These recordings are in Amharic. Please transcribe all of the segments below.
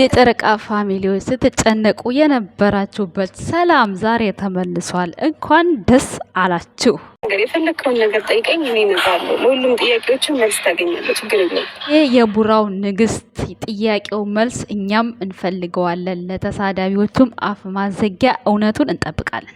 የጨረቃ ፋሚሊዎች ስትጨነቁ የነበራችሁበት ሰላም ዛሬ ተመልሷል። እንኳን ደስ አላችሁ። ነገር የፈለግከውን ነገር ጠይቀኝ፣ እኔ እነግርሃለሁ። ለሁሉም ጥያቄዎችን መልስ ታገኛለህ። ችግር የለም። ይህ የቡራው ንግስት ጥያቄው መልስ እኛም እንፈልገዋለን። ለተሳዳቢዎቹም አፍ ማዘጊያ እውነቱን እንጠብቃለን።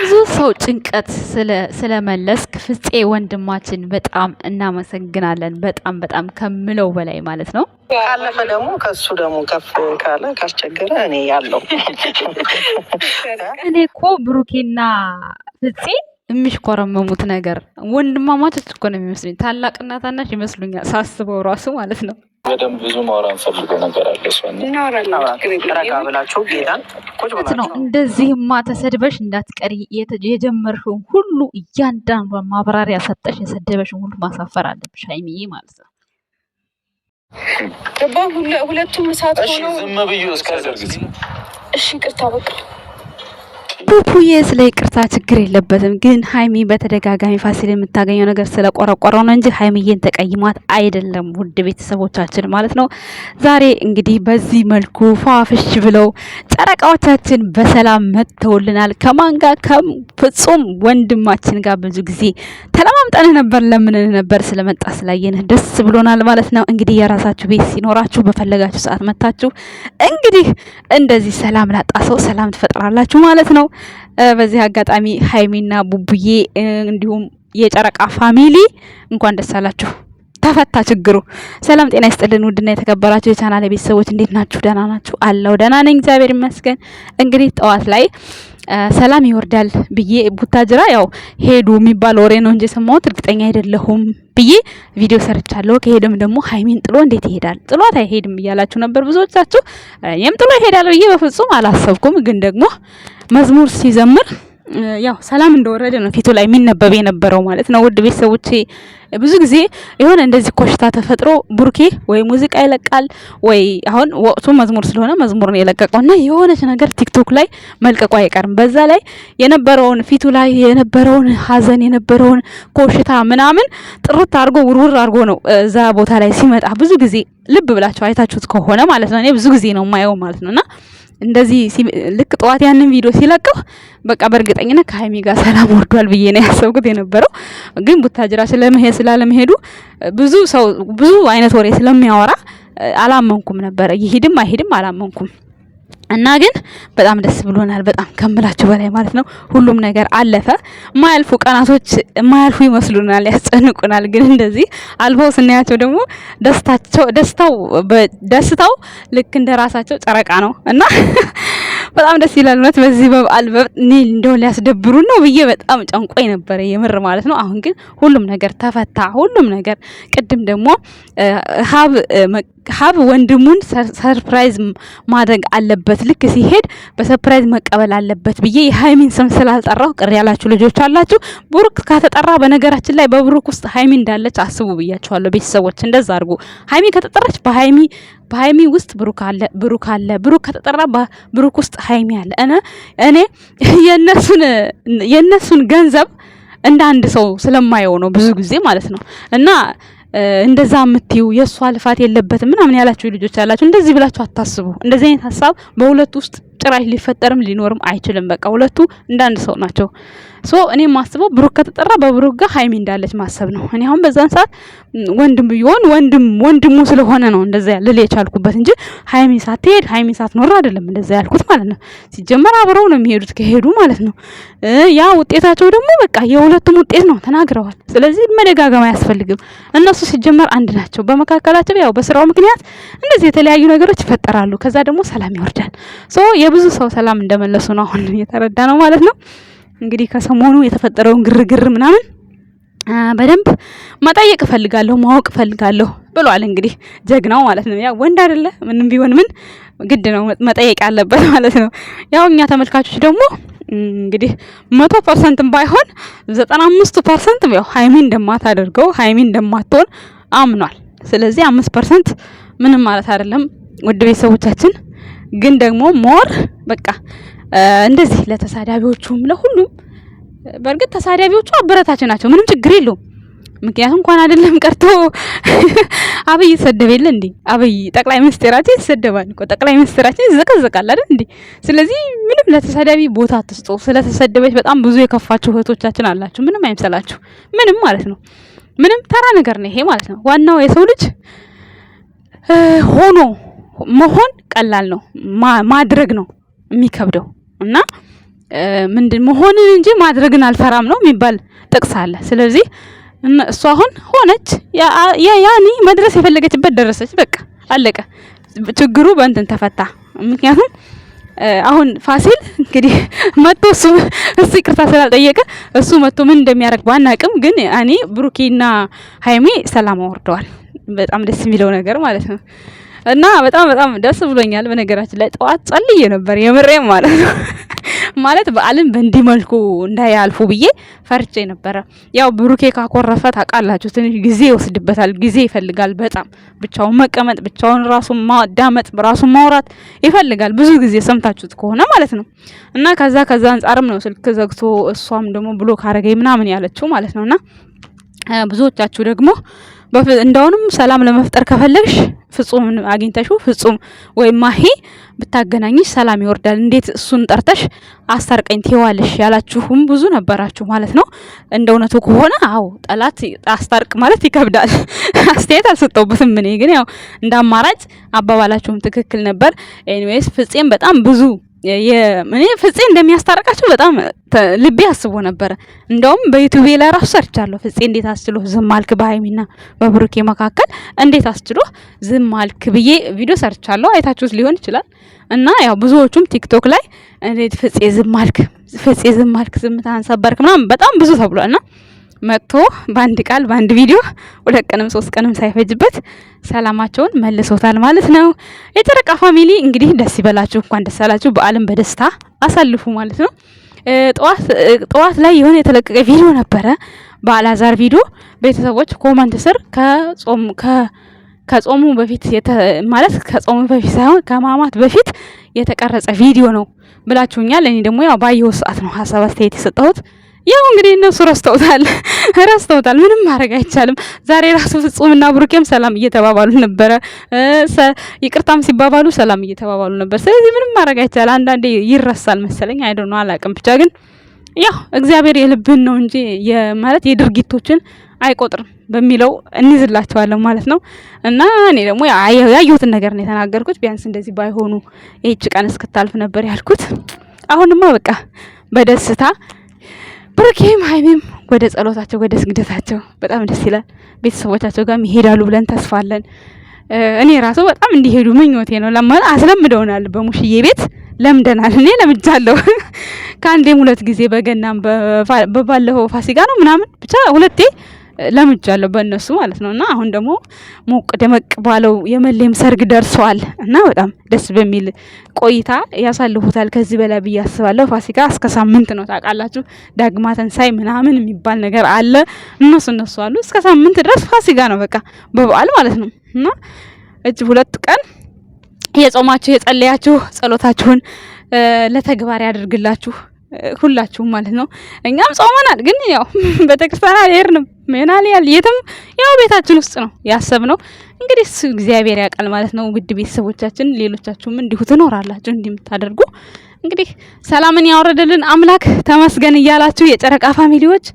ብዙ ሰው ጭንቀት ስለመለስክ ፍፄ ወንድማችን በጣም እናመሰግናለን። በጣም በጣም ከምለው በላይ ማለት ነው። ካለፈ ደግሞ ከሱ ደግሞ ከፍ ካለ ካስቸገረ እኔ ያለው እኔ እኮ ብሩኬና ፍፄ የሚሽኮረመሙት ነገር ወንድማማቾች እኮ ነው የሚመስሉኝ። ታላቅና ታናሽ ይመስሉኛል ሳስበው ራሱ ማለት ነው። በደንብ ብዙ ማውራ እንፈልገው ነገር አለ ነው። እንደዚህማ ተሰድበሽ እንዳትቀሪ የጀመርሽውን ሁሉ እያንዳንዷን ማብራሪያ ሰጠሽ፣ የሰደበሽን ሁሉ ማሳፈር አለብሽ ሀይሚዬ ማለት ነው። ሁለቱም እሳት ሆነው ዝም ብዬ እስካደርግ እሺ፣ ቅርታ በቃ ቡቡዬ ስለ ይቅርታ ችግር የለበትም፣ ግን ሀይሚ በተደጋጋሚ ፋሲል የምታገኘው ነገር ስለቆረቆረው ነው እንጂ ሀይሚዬን ተቀይሟት አይደለም። ውድ ቤተሰቦቻችን ማለት ነው። ዛሬ እንግዲህ በዚህ መልኩ ፏፍሽ ብለው ጨረቃዎቻችን በሰላም መጥተውልናል። ከማን ጋር? ከፍጹም ወንድማችን ጋር ብዙ ጊዜ ተለማምጠንህ ነበር፣ ለምንን ነበር። ስለመጣ ስላየንህ ደስ ብሎናል ማለት ነው። እንግዲህ የራሳችሁ ቤት ሲኖራችሁ በፈለጋችሁ ሰዓት መታችሁ እንግዲህ እንደዚህ ሰላም ላጣ ሰው ሰላም ትፈጥራላችሁ ማለት ነው። በዚህ አጋጣሚ ሀይሚና ቡቡዬ እንዲሁም የጨረቃ ፋሚሊ እንኳን ደስ አላችሁ። ተፈታ ችግሩ። ሰላም ጤና ይስጥልን። ውድና የተከበራችሁ የቻናል ቤተሰቦች እንዴት ናችሁ? ደህና ናችሁ? አለው ደህና ነኝ፣ እግዚአብሔር ይመስገን። እንግዲህ ጠዋት ላይ ሰላም ይወርዳል ብዬ ቡታጅራ ያው ሄዱ የሚባል ወሬ ነው እንጂ የሰማሁት እርግጠኛ አይደለሁም ብዬ ቪዲዮ ሰርቻለሁ። ከሄደም ደግሞ ሀይሚን ጥሎ እንዴት ይሄዳል? ጥሏት አይሄድም እያላችሁ ነበር ብዙዎቻችሁ። ይህም ጥሎ ይሄዳል ብዬ በፍጹም አላሰብኩም፣ ግን ደግሞ መዝሙር ሲዘምር ያው ሰላም እንደወረደ ነው ፊቱ ላይ የሚነበብ የነበረው ማለት ነው። ውድ ቤተሰቦቼ ብዙ ጊዜ የሆነ እንደዚህ ኮሽታ ተፈጥሮ ቡርኬ ወይ ሙዚቃ ይለቃል ወይ አሁን ወቅቱ መዝሙር ስለሆነ መዝሙር ነው የለቀቀው እና የሆነች ነገር ቲክቶክ ላይ መልቀቁ አይቀርም። በዛ ላይ የነበረውን ፊቱ ላይ የነበረውን ሐዘን የነበረውን ኮሽታ ምናምን ጥርት አድርጎ ውርውር አድርጎ ነው እዛ ቦታ ላይ ሲመጣ ብዙ ጊዜ ልብ ብላቸው አይታችሁት ከሆነ ማለት ነው። እኔ ብዙ ጊዜ ነው የማየው ማለት ነውና እንደዚህ ልክ ጠዋት ያንን ቪዲዮ ሲለቀው በቃ በእርግጠኝነት ከሀይሚ ጋር ሰላም ወርዷል ብዬ ነው ያሰብኩት የነበረው። ግን ቡታጅራ ስለመሄድ ስላለመሄዱ ብዙ ሰው ብዙ አይነት ወሬ ስለሚያወራ አላመንኩም ነበረ። ይሄድም አይሄድም አላመንኩም። እና ግን በጣም ደስ ብሎናል። በጣም ከምላችሁ በላይ ማለት ነው። ሁሉም ነገር አለፈ። ማያልፉ ቀናቶች ማያልፉ ይመስሉናል፣ ያስጨንቁናል። ግን እንደዚህ አልፈው ስናያቸው ደግሞ ደስታቸው ደስታው ደስታው ልክ እንደ ራሳቸው ጨረቃ ነው እና በጣም ደስ ይላል። እውነት በዚህ በበዓል እኔ እንደው ሊያስደብሩ ነው ብዬ በጣም ጨንቆኝ ነበረ የምር ማለት ነው። አሁን ግን ሁሉም ነገር ተፈታ። ሁሉም ነገር ቅድም ደግሞ ሀብ ሀብ ወንድሙን ሰርፕራይዝ ማድረግ አለበት። ልክ ሲሄድ በሰርፕራይዝ መቀበል አለበት ብዬ የሀይሚን ስም ስላልጠራሁ ቅር ያላችሁ ልጆች አላችሁ። ብሩክ ከተጠራ በነገራችን ላይ በብሩክ ውስጥ ሀይሚ እንዳለች አስቡ ብያችኋለሁ። ቤተሰቦች እንደዛ አድርጉ። ሀይሚ ከተጠራች በሀይሚ በሀይሚ ውስጥ ብሩክ አለ፣ ብሩክ አለ፣ ብሩክ ከተጠራ ብሩክ ውስጥ ሀይሚ አለ። እኔ የእነሱን ገንዘብ እንደ አንድ ሰው ስለማየው ነው ብዙ ጊዜ ማለት ነው እና እንደዛ የምትዩ የእሷ ልፋት የለበትም ምናምን ያላችሁ ልጆች ያላችሁ እንደዚህ ብላችሁ አታስቡ። እንደዚህ አይነት ሀሳብ በሁለት ውስጥ ጭራሽ ሊፈጠርም ሊኖርም አይችልም። በቃ ሁለቱ እንዳንድ ሰው ናቸው። ሶ እኔ ማስበው ብሩክ ከተጠራ በብሩክ ጋር ሀይሚ እንዳለች ማሰብ ነው። እኔ አሁን በዛን ሰዓት ወንድም ቢሆን ወንድም ወንድሙ ስለሆነ ነው እንደዛ ልል የቻልኩበት እንጂ ሀይሚ ሳትሄድ ሀይሚ ሳትኖር አይደለም እንደዛ ያልኩት ማለት ነው። ሲጀመር አብረው ነው የሚሄዱት ከሄዱ ማለት ነው። ያ ውጤታቸው ደግሞ በቃ የሁለቱም ውጤት ነው ተናግረዋል። ስለዚህ መደጋገም አያስፈልግም። እነሱ ሲጀመር አንድ ናቸው። በመካከላቸው ያው በስራው ምክንያት እንደዚህ የተለያዩ ነገሮች ይፈጠራሉ። ከዛ ደግሞ ሰላም ይወርዳል። የብዙ ሰው ሰላም እንደመለሱ ነው አሁን የተረዳ ነው ማለት ነው። እንግዲህ ከሰሞኑ የተፈጠረውን ግርግር ምናምን በደንብ መጠየቅ እፈልጋለሁ፣ ማወቅ እፈልጋለሁ ብሏል። እንግዲህ ጀግናው ማለት ነው። ያ ወንድ አይደለ ምንም ቢሆን ምን ግድ ነው መጠየቅ ያለበት ማለት ነው። ያው እኛ ተመልካቾች ደግሞ እንግዲህ መቶ ፐርሰንትም ባይሆን ዘጠና አምስቱ ፐርሰንትም ያው ሀይሚ እንደማታደርገው ሀይሚ እንደማትሆን አምኗል። ስለዚህ አምስት ፐርሰንት ምንም ማለት አይደለም ውድ ቤተሰቦቻችን ግን ደግሞ ሞር በቃ እንደዚህ ለተሳዳቢዎቹም ለሁሉም በእርግጥ ተሳዳቢዎቹ አበረታች ናቸው፣ ምንም ችግር የለውም። ምክንያቱም እንኳን አይደለም ቀርቶ አብይ ይሰደብ የለ እንዴ? አብይ ጠቅላይ ሚኒስትራችን ይሰደባል እኮ ጠቅላይ ሚኒስትራችን ይዘቀዘቃል አይደል እንዴ? ስለዚህ ምንም ለተሳዳቢ ቦታ አትስጡ። ስለተሰደበች በጣም ብዙ የከፋችሁ እህቶቻችን አላችሁ። ምንም አይምሰላችሁ። ምንም ማለት ነው ምንም ተራ ነገር ነው ይሄ ማለት ነው። ዋናው የሰው ልጅ ሆኖ መሆን ቀላል ነው፣ ማድረግ ነው የሚከብደው እና ምንድን መሆንን እንጂ ማድረግን አልፈራም ነው የሚባል ጥቅስ አለ። ስለዚህ እሷ አሁን ሆነች፣ ያኔ መድረስ የፈለገችበት ደረሰች። በቃ አለቀ፣ ችግሩ በእንትን ተፈታ። ምክንያቱም አሁን ፋሲል እንግዲህ መጥቶ እሱ እሱ ይቅርታ ስላልጠየቀ እሱ መጥቶ ምን እንደሚያደርግ ባናቅም፣ ግን እኔ ብሩኬና ሀይሜ ሰላም አውርደዋል። በጣም ደስ የሚለው ነገር ማለት ነው። እና በጣም በጣም ደስ ብሎኛል። በነገራችን ላይ ጠዋት ጸልዬ ነበር የምሬም ማለት ነው ማለት በዓልን በእንዲህ መልኩ እንዳያልፉ ብዬ ፈርቼ ነበረ። ያው ብሩኬ ካኮረፈ ታውቃላችሁ ትንሽ ጊዜ ይወስድበታል፣ ጊዜ ይፈልጋል። በጣም ብቻውን መቀመጥ፣ ብቻውን ራሱን ማዳመጥ፣ ራሱን ማውራት ይፈልጋል። ብዙ ጊዜ ሰምታችሁት ከሆነ ማለት ነው እና ከዛ ከዛ አንጻርም ነው ስልክ ዘግቶ እሷም ደግሞ ብሎ አረገኝ ምናምን ያለችው ማለት ነውና ብዙዎቻችሁ ደግሞ እንደውንም ሰላም ለመፍጠር ከፈለግሽ ፍጹም አግኝተሽው ፍጹም ወይም ማሄ ብታገናኝሽ ሰላም ይወርዳል። እንዴት እሱን ጠርተሽ አስታርቀኝ ትዋለሽ ያላችሁም ብዙ ነበራችሁ ማለት ነው። እንደ እውነቱ ከሆነ አዎ ጠላት አስታርቅ ማለት ይከብዳል። አስተያየት አልሰጠውበትም እኔ ግን ያው እንደ አማራጭ አባባላችሁም ትክክል ነበር። ኤኒዌይስ ፍፄም በጣም ብዙ እኔ ፍፄ እንደሚያስታርቃቸው በጣም ልቤ አስቦ ነበረ። እንደውም በዩቲዩብ ላይ ራሱ ሰርቻለሁ። ፍጼ እንዴት አስችሎ ዝም አልክ፣ በሀይሚና በብሩኬ መካከል እንዴት አስችሎ ዝም አልክ ብዬ ቪዲዮ ሰርቻለሁ። አይታችሁት ሊሆን ይችላል። እና ያው ብዙዎቹም ቲክቶክ ላይ እንዴት ፍጼ ዝም አልክ፣ ፍጼ ዝም አልክ፣ ዝምታህን ሰበርክ ምናምን በጣም ብዙ ተብሏል እና መጥቶ በአንድ ቃል በአንድ ቪዲዮ ሁለት ቀንም ሶስት ቀንም ሳይፈጅበት ሰላማቸውን መልሶታል ማለት ነው። የጨረቃ ፋሚሊ እንግዲህ ደስ ይበላችሁ፣ እንኳን ደስ አላችሁ። በዓልን በደስታ አሳልፉ ማለት ነው። ጠዋት ላይ የሆነ የተለቀቀ ቪዲዮ ነበረ በአላዛር ቪዲዮ። ቤተሰቦች ኮመንት ስር ከጾም ከጾሙ በፊት ማለት ከጾሙ በፊት ሳይሆን ከማማት በፊት የተቀረጸ ቪዲዮ ነው ብላችሁኛል። እኔ ደግሞ ያው ባየው ሰዓት ነው ሀሳብ አስተያየት የሰጠሁት። ያው እንግዲህ እነሱ ረስተውታል ረስተውታል። ምንም ማድረግ አይቻልም። ዛሬ ራሱ ፍጹምና ብሩኬም ሰላም እየተባባሉ ነበረ፣ ይቅርታም ሲባባሉ ሰላም እየተባባሉ ነበር። ስለዚህ ምንም ማድረግ አይቻል። አንዳንዴ ይረሳል መሰለኝ፣ ዶንት ኖ አላውቅም። ብቻ ግን ያው እግዚአብሔር የልብን ነው እንጂ ማለት የድርጊቶችን አይቆጥርም በሚለው እንይዝላቸዋለን ማለት ነው። እና እኔ ደግሞ ያየሁትን ነገር ነው የተናገርኩት። ቢያንስ እንደዚህ ባይሆኑ ይህች ቀን እስክታልፍ ነበር ያልኩት። አሁንማ በቃ በደስታ ብሩኬም ሀይሚም ወደ ጸሎታቸው ወደ ስግደታቸው በጣም ደስ ይላል። ቤተሰቦቻቸው ጋርም ይሄዳሉ ብለን ተስፋ አለን። እኔ ራሱ በጣም እንዲሄዱ ምኞቴ ነው። ለማለ አስለምደውናል። በሙሽዬ ቤት ለምደናል። እኔ ለምጃለሁ ከአንዴም ሁለት ጊዜ በገናም በባለፈው ፋሲካ ነው ምናምን ብቻ ሁለቴ ለምጃለሁ በእነሱ ማለት ነው። እና አሁን ደግሞ ሞቅ ደመቅ ባለው የመሌም ሰርግ ደርሰዋል እና በጣም ደስ በሚል ቆይታ ያሳልፉታል ከዚህ በላይ ብዬ አስባለሁ። ፋሲካ እስከ ሳምንት ነው ታውቃላችሁ። ዳግማ ትንሳኤ ምናምን የሚባል ነገር አለ። እነሱ እነሱ አሉ እስከ ሳምንት ድረስ ፋሲካ ነው በቃ በበዓል ማለት ነው እና እጅ ሁለት ቀን የጾማችሁ የጸለያችሁ ጸሎታችሁን ለተግባር ያደርግላችሁ ሁላችሁም ማለት ነው። እኛም ጾመናል፣ ግን ያው ቤተክርስቲያን አልሄድንም። ምናልያል የትም ያው ቤታችን ውስጥ ነው ያሰብ ነው። እንግዲህ እሱ እግዚአብሔር ያውቃል ማለት ነው። ውድ ቤተሰቦቻችን፣ ሌሎቻችሁም እንዲሁ ትኖራላችሁ እንዲምታደርጉ እንግዲህ ሰላምን ያወረደልን አምላክ ተመስገን እያላችሁ የጨረቃ ፋሚሊዎች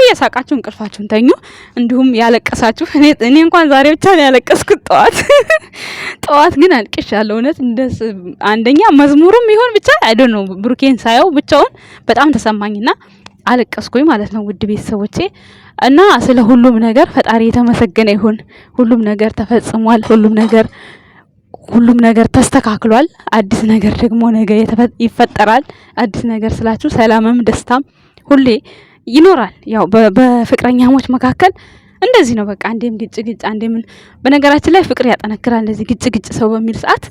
እየሳቃችሁ እንቅልፋችሁን ተኙ። እንዲሁም ያለቀሳችሁ እኔ እንኳን ዛሬ ብቻ ነው ያለቀስኩት። ጠዋት ጠዋት ግን አልቅሻለሁ እውነት። እንደስ አንደኛ መዝሙርም ይሆን ብቻ አይዶ ነው ብሩኬን ሳየው ብቻውን በጣም ተሰማኝና አለቀስኩኝ ማለት ነው ውድ ቤተሰቦቼ። እና ስለ ሁሉም ነገር ፈጣሪ የተመሰገነ ይሁን። ሁሉም ነገር ተፈጽሟል። ሁሉም ነገር ሁሉም ነገር ተስተካክሏል። አዲስ ነገር ደግሞ ነገ ይፈጠራል። አዲስ ነገር ስላችሁ ሰላምም ደስታም ሁሌ ይኖራል። ያው በፍቅረኛሞች መካከል እንደዚህ ነው። በቃ አንዴም ግጭ ግጭ አንዴም በነገራችን ላይ ፍቅር ያጠነክራል። እንደዚህ ግጭ ግጭ ሰው በሚል ሰዓት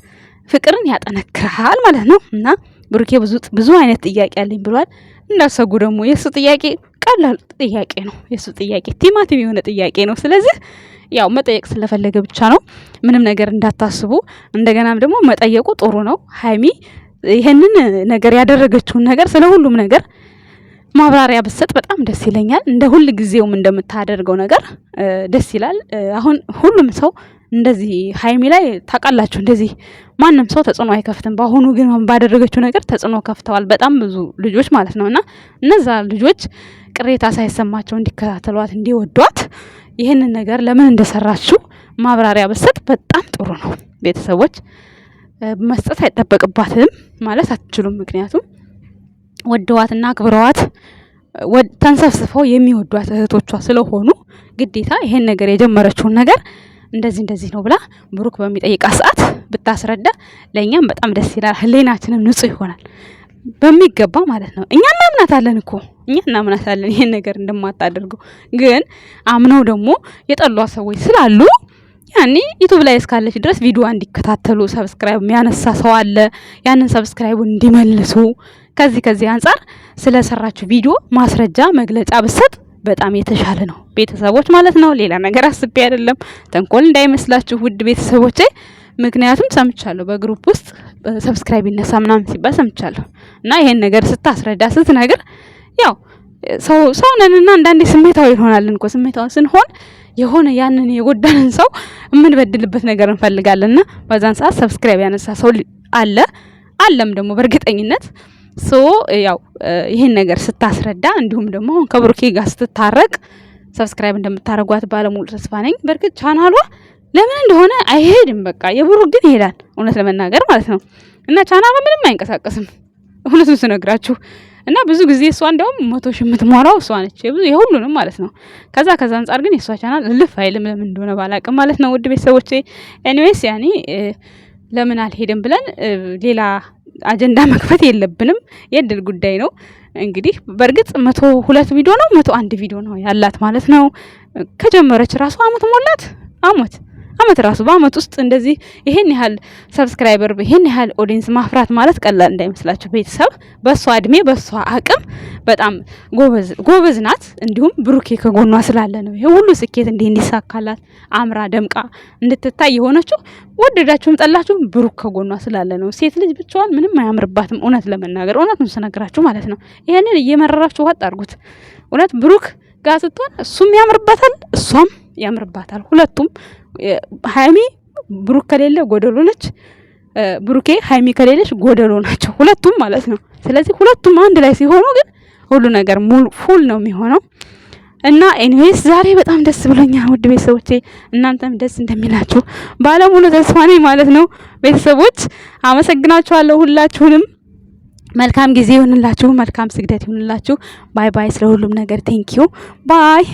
ፍቅርን ያጠነክራል ማለት ነው እና ብሩኬ ብዙ አይነት ጥያቄ አለኝ ብሏል። እንዳሰጉ ደግሞ የእሱ ጥያቄ ቀላል ጥያቄ ነው። የእሱ ጥያቄ ቲማቲም የሆነ ጥያቄ ነው። ስለዚህ ያው መጠየቅ ስለፈለገ ብቻ ነው። ምንም ነገር እንዳታስቡ። እንደገናም ደግሞ መጠየቁ ጥሩ ነው። ሀይሚ ይህንን ነገር ያደረገችውን ነገር ስለ ሁሉም ነገር ማብራሪያ ብሰጥ በጣም ደስ ይለኛል። እንደ ሁል ጊዜውም እንደምታደርገው ነገር ደስ ይላል። አሁን ሁሉም ሰው እንደዚህ ሀይሚ ላይ ታውቃላችሁ እንደዚህ ማንም ሰው ተጽዕኖ አይከፍትም። በአሁኑ ግን ባደረገችው ነገር ተጽዕኖ ከፍተዋል በጣም ብዙ ልጆች ማለት ነው። እና እነዛ ልጆች ቅሬታ ሳይሰማቸው እንዲከታተሏት፣ እንዲወዷት ይህንን ነገር ለምን እንደሰራችው ማብራሪያ ብሰጥ በጣም ጥሩ ነው። ቤተሰቦች መስጠት አይጠበቅባትም ማለት አትችሉም። ምክንያቱም ወደዋትና አክብረዋት ተንሰፍስፈው የሚወዷት እህቶቿ ስለሆኑ ግዴታ ይሄን ነገር የጀመረችውን ነገር እንደዚህ እንደዚህ ነው ብላ ብሩክ በሚጠይቃ ሰዓት ብታስረዳ ለእኛም በጣም ደስ ይላል፣ ህሌናችንም ንጹህ ይሆናል በሚገባ ማለት ነው። እኛ እናምናታለን እኮ እኛ እናምናታለን ይሄን ነገር እንደማታደርገው። ግን አምነው ደግሞ የጠሏ ሰዎች ስላሉ ያኔ ዩቱብ ላይ እስካለች ድረስ ቪዲዮ እንዲከታተሉ ሰብስክራይብ የሚያነሳ ሰው አለ። ያንን ሰብስክራይቡን እንዲመልሱ ከዚህ ከዚህ አንጻር ስለሰራችሁ ቪዲዮ ማስረጃ መግለጫ ብሰጥ በጣም የተሻለ ነው። ቤተሰቦች ማለት ነው። ሌላ ነገር አስቤ አይደለም፣ ተንኮል እንዳይመስላችሁ ውድ ቤተሰቦቼ። ምክንያቱም ሰምቻለሁ በግሩፕ ውስጥ ሰብስክራይብ ይነሳ ምናምን ሲባል ሰምቻለሁ። እና ይሄን ነገር ስታስረዳ ስትነግር ያው ሰው ሰው ነንና አንዳንዴ ስሜታዊ ይሆናል እኮ ስሜታዊ ስንሆን የሆነ ያንን የጎዳንን ሰው የምንበድልበት ነገር እንፈልጋለንና በዛን ሰዓት ሰብስክራይብ ያነሳ ሰው አለ አለም ደግሞ በእርግጠኝነት ሶ ያው ይህን ነገር ስታስረዳ እንዲሁም ደግሞ አሁን ከብሩኬ ጋር ስትታረቅ ሰብስክራይብ እንደምታደርጓት ባለሙሉ ተስፋ ነኝ። በእርግጥ ቻናሏ ለምን እንደሆነ አይሄድም። በቃ የብሩክ ግን ይሄዳል፣ እውነት ለመናገር ማለት ነው። እና ቻናሏ ምንም አይንቀሳቀስም፣ እውነቱን ስነግራችሁ እና ብዙ ጊዜ እሷ እንደውም መቶ ሺህ የምትሞላው እሷ ነች፣ የሁሉንም ማለት ነው። ከዛ ከዛ አንጻር ግን የእሷ ቻናል ልፍ አይልም፣ ለምን እንደሆነ ባላቅም ማለት ነው። ውድ ቤተሰቦቼ ኤኒዌይስ ያኔ ለምን አልሄድም ብለን ሌላ አጀንዳ መክፈት የለብንም። የእድል ጉዳይ ነው እንግዲህ። በእርግጥ መቶ ሁለት ቪዲዮ ነው መቶ አንድ ቪዲዮ ነው ያላት ማለት ነው። ከጀመረች ራሱ አመት ሞላት አመት አመት ራሱ በአመት ውስጥ እንደዚህ ይሄን ያህል ሰብስክራይበር ይሄን ያህል ኦዲንስ ማፍራት ማለት ቀላል እንዳይመስላችሁ ቤተሰብ። በእሷ እድሜ በእሷ አቅም በጣም ጎበዝ ናት። እንዲሁም ብሩኬ ከጎኗ ስላለ ነው ይሄ ሁሉ ስኬት እንዲህ እንዲሳካላት አምራ ደምቃ እንድትታይ የሆነችው። ወደዳችሁም ጠላችሁም ብሩክ ከጎኗ ስላለ ነው። ሴት ልጅ ብቻዋን ምንም አያምርባትም። እውነት ለመናገር እውነት ነው ስነግራችሁ ማለት ነው። ይሄንን እየመረራችሁ ዋጥ አድርጉት። እውነት ብሩክ ጋር ስትሆን እሱም ያምርባታል፣ እሷም ያምርባታል። ሁለቱም ሀይሚ ብሩክ ከሌለ ጎደሎ ነች። ብሩኬ ሀይሚ ከሌለች ጎደሎ ናቸው ሁለቱም ማለት ነው። ስለዚህ ሁለቱም አንድ ላይ ሲሆኑ ግን ሁሉ ነገር ሙሉ ፉል ነው የሚሆነው። እና ኤኒዌይስ ዛሬ በጣም ደስ ብሎኛል ውድ ቤተሰቦቼ፣ እናንተም ደስ እንደሚላችሁ ባለሙሉ ተስፋ ነኝ ማለት ነው። ቤተሰቦች አመሰግናችኋለሁ ሁላችሁንም። መልካም ጊዜ ይሁንላችሁ። መልካም ስግደት ይሁንላችሁ። ባይ ባይ። ስለ ሁሉም ነገር ቴንኪዩ ባይ።